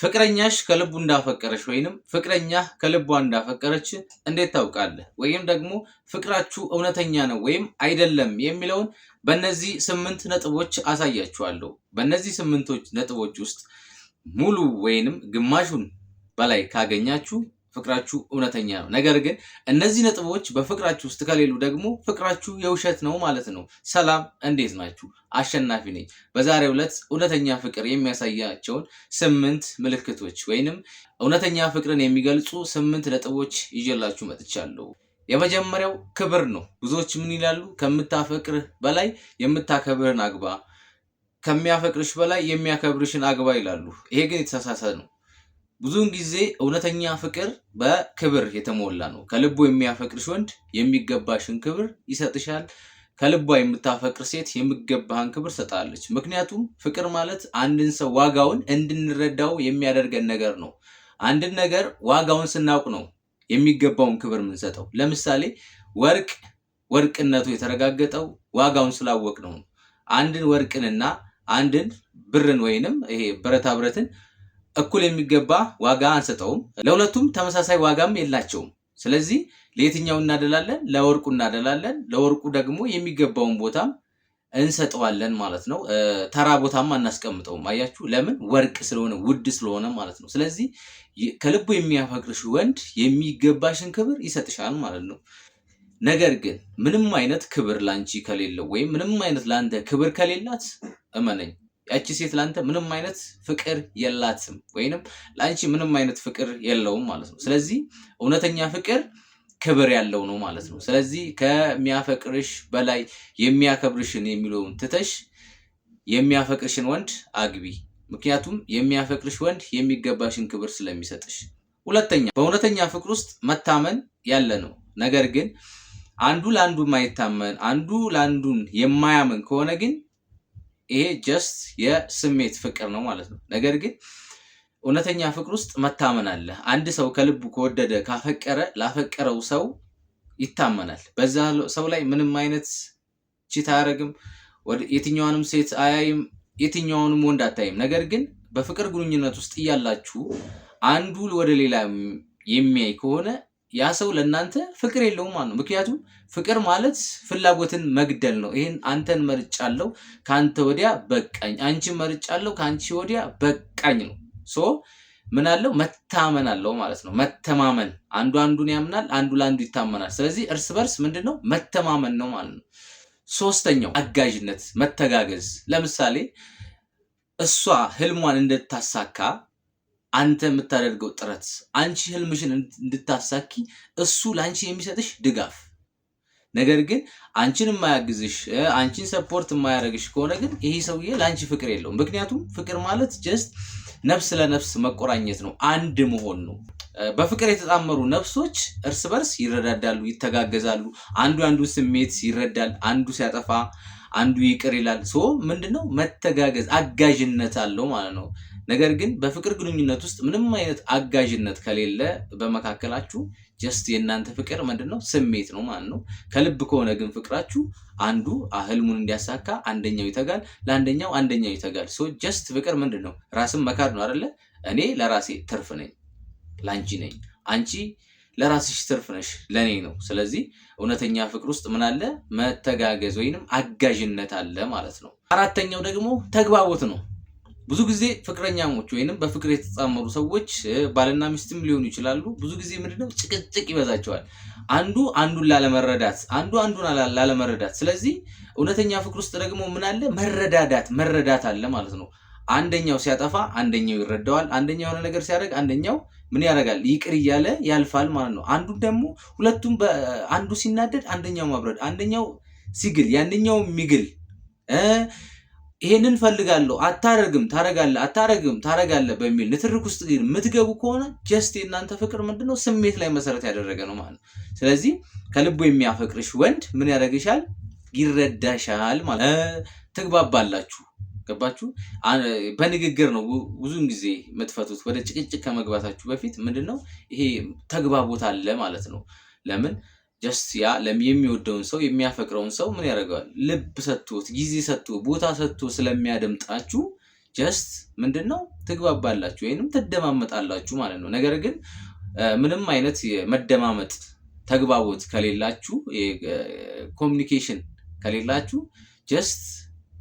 ፍቅረኛሽ ከልቡ እንዳፈቀረች ወይንም ፍቅረኛ ከልቧ እንዳፈቀረች እንዴት ታውቃለህ? ወይም ደግሞ ፍቅራችሁ እውነተኛ ነው ወይም አይደለም የሚለውን በእነዚህ ስምንት ነጥቦች አሳያችኋለሁ። በእነዚህ ስምንቶች ነጥቦች ውስጥ ሙሉ ወይንም ግማሹን በላይ ካገኛችሁ ፍቅራችሁ እውነተኛ ነው። ነገር ግን እነዚህ ነጥቦች በፍቅራችሁ ውስጥ ከሌሉ ደግሞ ፍቅራችሁ የውሸት ነው ማለት ነው። ሰላም፣ እንዴት ናችሁ? አሸናፊ ነኝ። በዛሬው ዕለት እውነተኛ ፍቅር የሚያሳያቸውን ስምንት ምልክቶች ወይንም እውነተኛ ፍቅርን የሚገልጹ ስምንት ነጥቦች ይዤላችሁ መጥቻለሁ። የመጀመሪያው ክብር ነው። ብዙዎች ምን ይላሉ? ከምታፈቅርህ በላይ የምታከብርህን አግባ፣ ከሚያፈቅርሽ በላይ የሚያከብርሽን አግባ ይላሉ። ይሄ ግን የተሳሳተ ነው። ብዙውን ጊዜ እውነተኛ ፍቅር በክብር የተሞላ ነው። ከልቡ የሚያፈቅርሽ ወንድ የሚገባሽን ክብር ይሰጥሻል። ከልቧ የምታፈቅር ሴት የሚገባህን ክብር ሰጣለች። ምክንያቱም ፍቅር ማለት አንድን ሰው ዋጋውን እንድንረዳው የሚያደርገን ነገር ነው። አንድን ነገር ዋጋውን ስናውቅ ነው የሚገባውን ክብር የምንሰጠው። ለምሳሌ ወርቅ ወርቅነቱ የተረጋገጠው ዋጋውን ስላወቅ ነው። አንድን ወርቅንና አንድን ብርን ወይንም ይሄ ብረታ ብረትን እኩል የሚገባ ዋጋ አንሰጠውም። ለሁለቱም ተመሳሳይ ዋጋም የላቸውም። ስለዚህ ለየትኛው እናደላለን? ለወርቁ እናደላለን። ለወርቁ ደግሞ የሚገባውን ቦታም እንሰጠዋለን ማለት ነው። ተራ ቦታም አናስቀምጠውም። አያችሁ፣ ለምን ወርቅ ስለሆነ ውድ ስለሆነ ማለት ነው። ስለዚህ ከልቡ የሚያፈቅርሽ ወንድ የሚገባሽን ክብር ይሰጥሻል ማለት ነው። ነገር ግን ምንም አይነት ክብር ላንቺ ከሌለው ወይም ምንም አይነት ለአንተ ክብር ከሌላት እመነኝ ያቺ ሴት ለአንተ ምንም አይነት ፍቅር የላትም ወይንም ለአንቺ ምንም አይነት ፍቅር የለውም ማለት ነው። ስለዚህ እውነተኛ ፍቅር ክብር ያለው ነው ማለት ነው። ስለዚህ ከሚያፈቅርሽ በላይ የሚያከብርሽን የሚለውን ትተሽ የሚያፈቅርሽን ወንድ አግቢ። ምክንያቱም የሚያፈቅርሽ ወንድ የሚገባሽን ክብር ስለሚሰጥሽ። ሁለተኛ በእውነተኛ ፍቅር ውስጥ መታመን ያለ ነው። ነገር ግን አንዱ ለአንዱ የማይታመን አንዱ ለአንዱን የማያምን ከሆነ ግን ይሄ ጀስት የስሜት ፍቅር ነው ማለት ነው። ነገር ግን እውነተኛ ፍቅር ውስጥ መታመን አለ። አንድ ሰው ከልቡ ከወደደ ካፈቀረ ላፈቀረው ሰው ይታመናል። በዛ ሰው ላይ ምንም አይነት ቺት አያደርግም። የትኛዋንም ሴት አያይም፣ የትኛውንም ወንድ አታይም። ነገር ግን በፍቅር ግንኙነት ውስጥ እያላችሁ አንዱ ወደ ሌላ የሚያይ ከሆነ ያ ሰው ለእናንተ ፍቅር የለውም ማለት ነው። ምክንያቱም ፍቅር ማለት ፍላጎትን መግደል ነው። ይህን አንተን መርጫለው ከአንተ ወዲያ በቃኝ፣ አንቺን መርጫለው ከአንቺ ወዲያ በቃኝ ነው። ሶ ምን አለው? መታመን አለው ማለት ነው። መተማመን አንዱ አንዱን ያምናል፣ አንዱ ለአንዱ ይታመናል። ስለዚህ እርስ በርስ ምንድን ነው መተማመን ነው ማለት ነው። ሶስተኛው አጋዥነት፣ መተጋገዝ። ለምሳሌ እሷ ህልሟን እንድታሳካ አንተ የምታደርገው ጥረት አንቺ ህልምሽን እንድታሳኪ እሱ ለአንቺ የሚሰጥሽ ድጋፍ ነገር ግን አንቺን የማያግዝሽ አንቺን ሰፖርት የማያደርግሽ ከሆነ ግን ይሄ ሰውዬ ለአንቺ ፍቅር የለውም። ምክንያቱም ፍቅር ማለት ጀስት ነፍስ ለነፍስ መቆራኘት ነው፣ አንድ መሆን ነው። በፍቅር የተጣመሩ ነፍሶች እርስ በርስ ይረዳዳሉ፣ ይተጋገዛሉ። አንዱ አንዱ ስሜት ይረዳል፣ አንዱ ሲያጠፋ አንዱ ይቅር ይላል። ሶ ምንድነው መተጋገዝ፣ አጋዥነት አለው ማለት ነው። ነገር ግን በፍቅር ግንኙነት ውስጥ ምንም አይነት አጋዥነት ከሌለ በመካከላችሁ ጀስት የእናንተ ፍቅር ምንድን ነው? ስሜት ነው ማለት ነው። ከልብ ከሆነ ግን ፍቅራችሁ አንዱ ህልሙን እንዲያሳካ አንደኛው ይተጋል፣ ለአንደኛው አንደኛው ይተጋል። ሶ ጀስት ፍቅር ምንድን ነው? ራስን መካድ ነው አይደለ? እኔ ለራሴ ትርፍ ነኝ፣ ለአንቺ ነኝ፣ አንቺ ለራስሽ ትርፍ ነሽ፣ ለእኔ ነው። ስለዚህ እውነተኛ ፍቅር ውስጥ ምን አለ? መተጋገዝ ወይንም አጋዥነት አለ ማለት ነው። አራተኛው ደግሞ ተግባቦት ነው። ብዙ ጊዜ ፍቅረኛሞች ወይንም በፍቅር የተጣመሩ ሰዎች ባልና ሚስትም ሊሆኑ ይችላሉ። ብዙ ጊዜ ምንድነው ጭቅጭቅ ይበዛቸዋል። አንዱ አንዱን ላለመረዳት፣ አንዱ አንዱን ላለመረዳት። ስለዚህ እውነተኛ ፍቅር ውስጥ ደግሞ ምን አለ? መረዳዳት መረዳት አለ ማለት ነው። አንደኛው ሲያጠፋ አንደኛው ይረዳዋል። አንደኛው የሆነ ነገር ሲያደርግ አንደኛው ምን ያደርጋል? ይቅር እያለ ያልፋል ማለት ነው። አንዱን ደግሞ ሁለቱም አንዱ ሲናደድ አንደኛው ማብረድ፣ አንደኛው ሲግል ያንኛው ሚግል ይሄንን ፈልጋለሁ አታረግም ታረጋለ አታረግም ታረጋለ በሚል ንትርክ ውስጥ ግን የምትገቡ ከሆነ ጀስት የእናንተ ፍቅር ምንድነው ስሜት ላይ መሰረት ያደረገ ነው ማለት ነው። ስለዚህ ከልቡ የሚያፈቅርሽ ወንድ ምን ያደረግሻል? ይረዳሻል ማለት ትግባባላችሁ። ገባችሁ? በንግግር ነው ብዙን ጊዜ የምትፈቱት። ወደ ጭቅጭቅ ከመግባታችሁ በፊት ምንድነው ይሄ ተግባቦት አለ ማለት ነው። ለምን ጀስት ያ የሚወደውን ሰው የሚያፈቅረውን ሰው ምን ያደርገዋል? ልብ ሰጥቶት ጊዜ ሰጥቶ ቦታ ሰጥቶ ስለሚያደምጣችሁ ጀስት ምንድን ነው ትግባባላችሁ፣ ወይንም ትደማመጣላችሁ ማለት ነው። ነገር ግን ምንም አይነት የመደማመጥ ተግባቦት ከሌላችሁ፣ ኮሚኒኬሽን ከሌላችሁ ጀስት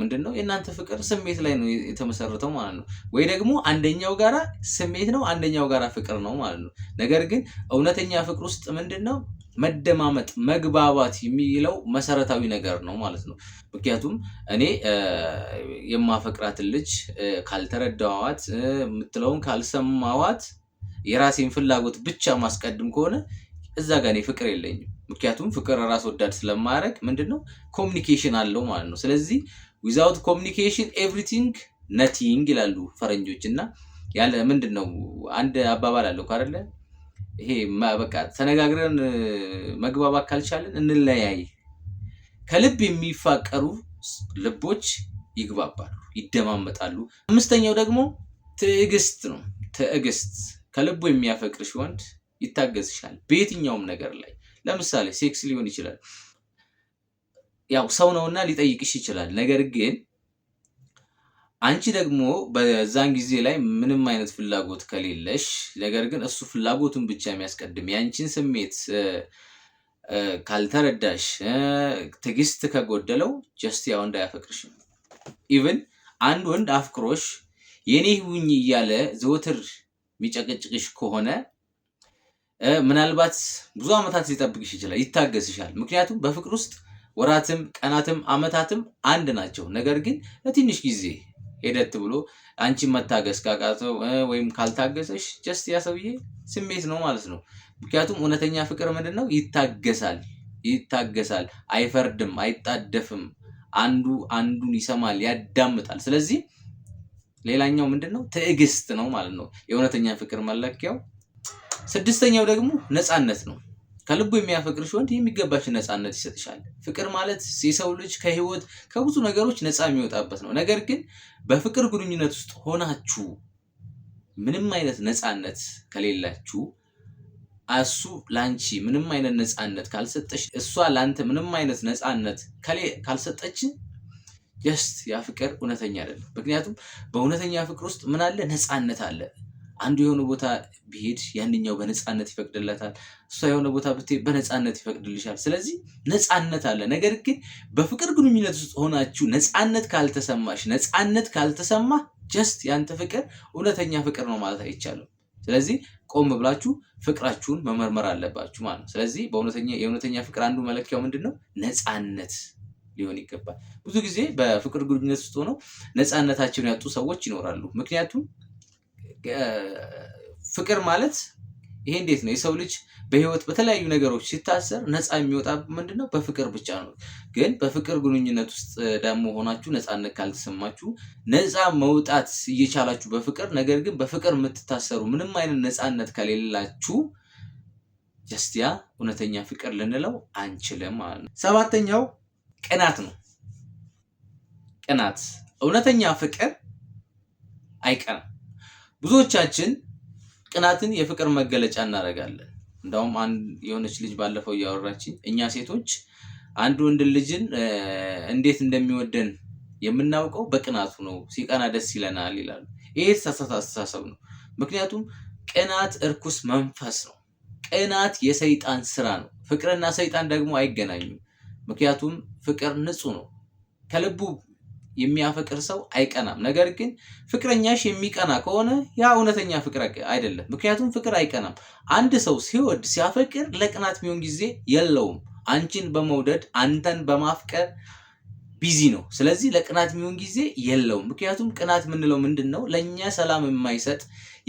ምንድን ነው የእናንተ ፍቅር ስሜት ላይ ነው የተመሰረተው ማለት ነው። ወይ ደግሞ አንደኛው ጋራ ስሜት ነው፣ አንደኛው ጋራ ፍቅር ነው ማለት ነው። ነገር ግን እውነተኛ ፍቅር ውስጥ ምንድን ነው መደማመጥ፣ መግባባት የሚለው መሰረታዊ ነገር ነው ማለት ነው። ምክንያቱም እኔ የማፈቅራትን ልጅ ካልተረዳዋት፣ የምትለውን ካልሰማዋት፣ የራሴን ፍላጎት ብቻ ማስቀድም ከሆነ እዛ ጋር እኔ ፍቅር የለኝም። ምክንያቱም ፍቅር ራስ ወዳድ ስለማያደርግ ምንድነው ኮሚኒኬሽን አለው ማለት ነው። ስለዚህ ዊዛውት ኮሚኒኬሽን ኤቭሪቲንግ ነቲንግ ይላሉ ፈረንጆች። እና ያለ ምንድን ነው አንድ አባባል አለው ካደለ ይሄ በቃ ተነጋግረን መግባባት ካልቻለን እንለያይ። ከልብ የሚፋቀሩ ልቦች ይግባባሉ፣ ይደማመጣሉ። አምስተኛው ደግሞ ትዕግስት ነው። ትዕግስት ከልቡ የሚያፈቅርሽ ወንድ ይታገስሻል። በየትኛውም ነገር ላይ ለምሳሌ ሴክስ ሊሆን ይችላል። ያው ሰው ነውና ሊጠይቅሽ ይችላል። ነገር ግን አንቺ ደግሞ በዛን ጊዜ ላይ ምንም አይነት ፍላጎት ከሌለሽ፣ ነገር ግን እሱ ፍላጎቱን ብቻ የሚያስቀድም የአንቺን ስሜት ካልተረዳሽ፣ ትግስት ከጎደለው ጀስት ያው እንዳያፈቅርሽ ኢቭን አንድ ወንድ አፍቅሮሽ የኔ ሁኝ እያለ ዘወትር የሚጨቀጭቅሽ ከሆነ ምናልባት ብዙ ዓመታት ሊጠብቅሽ ይችላል፣ ይታገስሻል። ምክንያቱም በፍቅር ውስጥ ወራትም ቀናትም ዓመታትም አንድ ናቸው። ነገር ግን ለትንሽ ጊዜ ሄደት ብሎ አንቺ መታገስ ካቃተው ወይም ካልታገሰሽ ጀስት ያ ሰውዬ ስሜት ነው ማለት ነው። ምክንያቱም እውነተኛ ፍቅር ምንድን ነው? ይታገሳል፣ ይታገሳል፣ አይፈርድም፣ አይጣደፍም። አንዱ አንዱን ይሰማል፣ ያዳምጣል። ስለዚህ ሌላኛው ምንድን ነው? ትዕግስት ነው ማለት ነው። የእውነተኛ ፍቅር መለኪያው ስድስተኛው ደግሞ ነፃነት ነው። ከልቡ የሚያፈቅርሽ ወንድ የሚገባሽ ነፃነት ይሰጥሻል። ፍቅር ማለት የሰው ልጅ ከህይወት ከብዙ ነገሮች ነፃ የሚወጣበት ነው። ነገር ግን በፍቅር ግንኙነት ውስጥ ሆናችሁ ምንም አይነት ነፃነት ከሌላችሁ እሱ ላንቺ ምንም አይነት ነፃነት ካልሰጠች፣ እሷ ላንተ ምንም አይነት ነፃነት ካልሰጠች ጀስት ያ ፍቅር እውነተኛ አይደለም። ምክንያቱም በእውነተኛ ፍቅር ውስጥ ምን አለ? ነፃነት አለ። አንዱ የሆነ ቦታ ቢሄድ ያንኛው በነፃነት ይፈቅድለታል። እሷ የሆነ ቦታ ብትሄድ በነፃነት ይፈቅድልሻል። ስለዚህ ነፃነት አለ። ነገር ግን በፍቅር ግንኙነት ውስጥ ሆናችሁ ነፃነት ካልተሰማሽ፣ ነፃነት ካልተሰማ ጀስት ያንተ ፍቅር እውነተኛ ፍቅር ነው ማለት አይቻልም። ስለዚህ ቆም ብላችሁ ፍቅራችሁን መመርመር አለባችሁ ማለት ነው። ስለዚህ በእውነተኛ የእውነተኛ ፍቅር አንዱ መለኪያው ምንድን ነው? ነፃነት ሊሆን ይገባል። ብዙ ጊዜ በፍቅር ግንኙነት ውስጥ ሆነው ነፃነታቸውን ያጡ ሰዎች ይኖራሉ። ምክንያቱም ፍቅር ማለት ይሄ እንዴት ነው? የሰው ልጅ በህይወት በተለያዩ ነገሮች ሲታሰር ነፃ የሚወጣ ምንድን ነው? በፍቅር ብቻ ነው። ግን በፍቅር ግንኙነት ውስጥ ደግሞ ሆናችሁ ነፃነት ካልተሰማችሁ ነፃ መውጣት እየቻላችሁ በፍቅር ነገር ግን በፍቅር የምትታሰሩ ምንም አይነት ነፃነት ከሌላችሁ ጀስቲያ እውነተኛ ፍቅር ልንለው አንችልም ማለት ነው። ሰባተኛው ቅናት ነው። ቅናት እውነተኛ ፍቅር አይቀናም። ብዙዎቻችን ቅናትን የፍቅር መገለጫ እናደርጋለን። እንዳውም አንድ የሆነች ልጅ ባለፈው እያወራችኝ እኛ ሴቶች አንድ ወንድን ልጅን እንዴት እንደሚወደን የምናውቀው በቅናቱ ነው፣ ሲቀና ደስ ይለናል ይላሉ። ይሄ የተሳሳተ አስተሳሰብ ነው። ምክንያቱም ቅናት እርኩስ መንፈስ ነው። ቅናት የሰይጣን ስራ ነው። ፍቅርና ሰይጣን ደግሞ አይገናኙም። ምክንያቱም ፍቅር ንጹህ ነው። ከልቡ የሚያፈቅር ሰው አይቀናም። ነገር ግን ፍቅረኛሽ የሚቀና ከሆነ ያ እውነተኛ ፍቅር አይደለም። ምክንያቱም ፍቅር አይቀናም። አንድ ሰው ሲወድ ሲያፈቅር ለቅናት የሚሆን ጊዜ የለውም። አንቺን በመውደድ አንተን በማፍቀር ቢዚ ነው። ስለዚህ ለቅናት የሚሆን ጊዜ የለውም። ምክንያቱም ቅናት የምንለው ምንድን ነው? ለእኛ ሰላም የማይሰጥ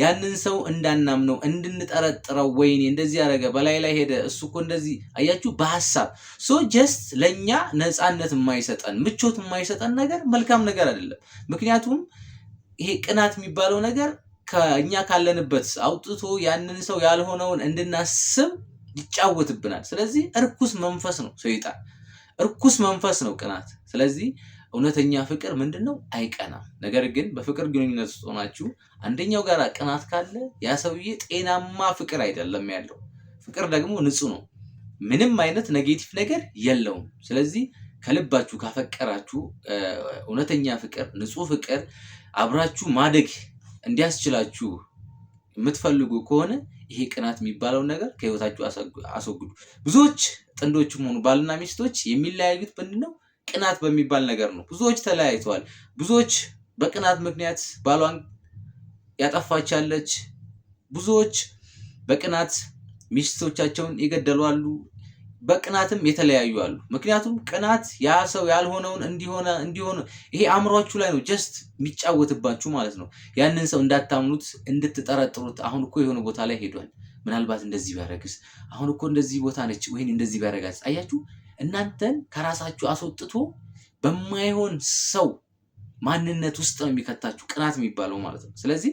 ያንን ሰው እንዳናምነው እንድንጠረጥረው፣ ወይኔ እንደዚህ ያደረገ በላይ ላይ ሄደ እሱ እኮ እንደዚህ አያችሁ፣ በሀሳብ ሶ ጀስት ለእኛ ነፃነት የማይሰጠን ምቾት የማይሰጠን ነገር መልካም ነገር አይደለም። ምክንያቱም ይሄ ቅናት የሚባለው ነገር ከእኛ ካለንበት አውጥቶ ያንን ሰው ያልሆነውን እንድናስብ ይጫወትብናል። ስለዚህ እርኩስ መንፈስ ነው ሰይጣን። እርኩስ መንፈስ ነው ቅናት። ስለዚህ እውነተኛ ፍቅር ምንድን ነው? አይቀናም። ነገር ግን በፍቅር ግንኙነት ውስጥ ሆናችሁ አንደኛው ጋር ቅናት ካለ ያ ሰውዬ ጤናማ ፍቅር አይደለም ያለው። ፍቅር ደግሞ ንጹህ ነው፣ ምንም አይነት ኔጌቲቭ ነገር የለውም። ስለዚህ ከልባችሁ ካፈቀራችሁ እውነተኛ ፍቅር፣ ንጹህ ፍቅር አብራችሁ ማደግ እንዲያስችላችሁ የምትፈልጉ ከሆነ ይሄ ቅናት የሚባለውን ነገር ከህይወታችሁ አስወግዱ። ብዙዎች ጥንዶችም ሆኑ ባልና ሚስቶች የሚለያዩት ምንድን ነው? ቅናት በሚባል ነገር ነው። ብዙዎች ተለያይተዋል። ብዙዎች በቅናት ምክንያት ባሏን ያጠፋቻለች። ብዙዎች በቅናት ሚስቶቻቸውን ይገደሏሉ። በቅናትም የተለያዩ አሉ። ምክንያቱም ቅናት ያ ሰው ያልሆነውን እንዲሆነ እንዲሆነ ይሄ አእምሯችሁ ላይ ነው ጀስት የሚጫወትባችሁ ማለት ነው። ያንን ሰው እንዳታምኑት እንድትጠረጥሩት፣ አሁን እኮ የሆነ ቦታ ላይ ሄዷል፣ ምናልባት እንደዚህ ቢያደረግስ፣ አሁን እኮ እንደዚህ ቦታ ነች፣ ወይን እንደዚህ ቢያደረጋስ። አያችሁ፣ እናንተን ከራሳችሁ አስወጥቶ በማይሆን ሰው ማንነት ውስጥ ነው የሚከታችሁ ቅናት የሚባለው ማለት ነው። ስለዚህ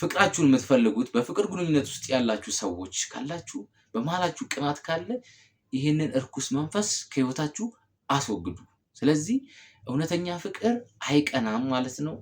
ፍቅራችሁን የምትፈልጉት በፍቅር ግንኙነት ውስጥ ያላችሁ ሰዎች ካላችሁ በማላችሁ ቅናት ካለ ይህንን እርኩስ መንፈስ ከህይወታችሁ አስወግዱ። ስለዚህ እውነተኛ ፍቅር አይቀናም ማለት ነው።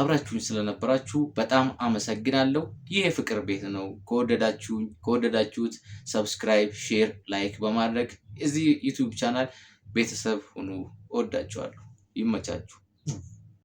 አብራችሁኝ ስለነበራችሁ በጣም አመሰግናለሁ። ይህ የፍቅር ቤት ነው። ከወደዳችሁኝ ከወደዳችሁት ሰብስክራይብ፣ ሼር፣ ላይክ በማድረግ እዚህ ዩቱብ ቻናል ቤተሰብ ሁኑ። እወዳችኋለሁ። ይመቻችሁ።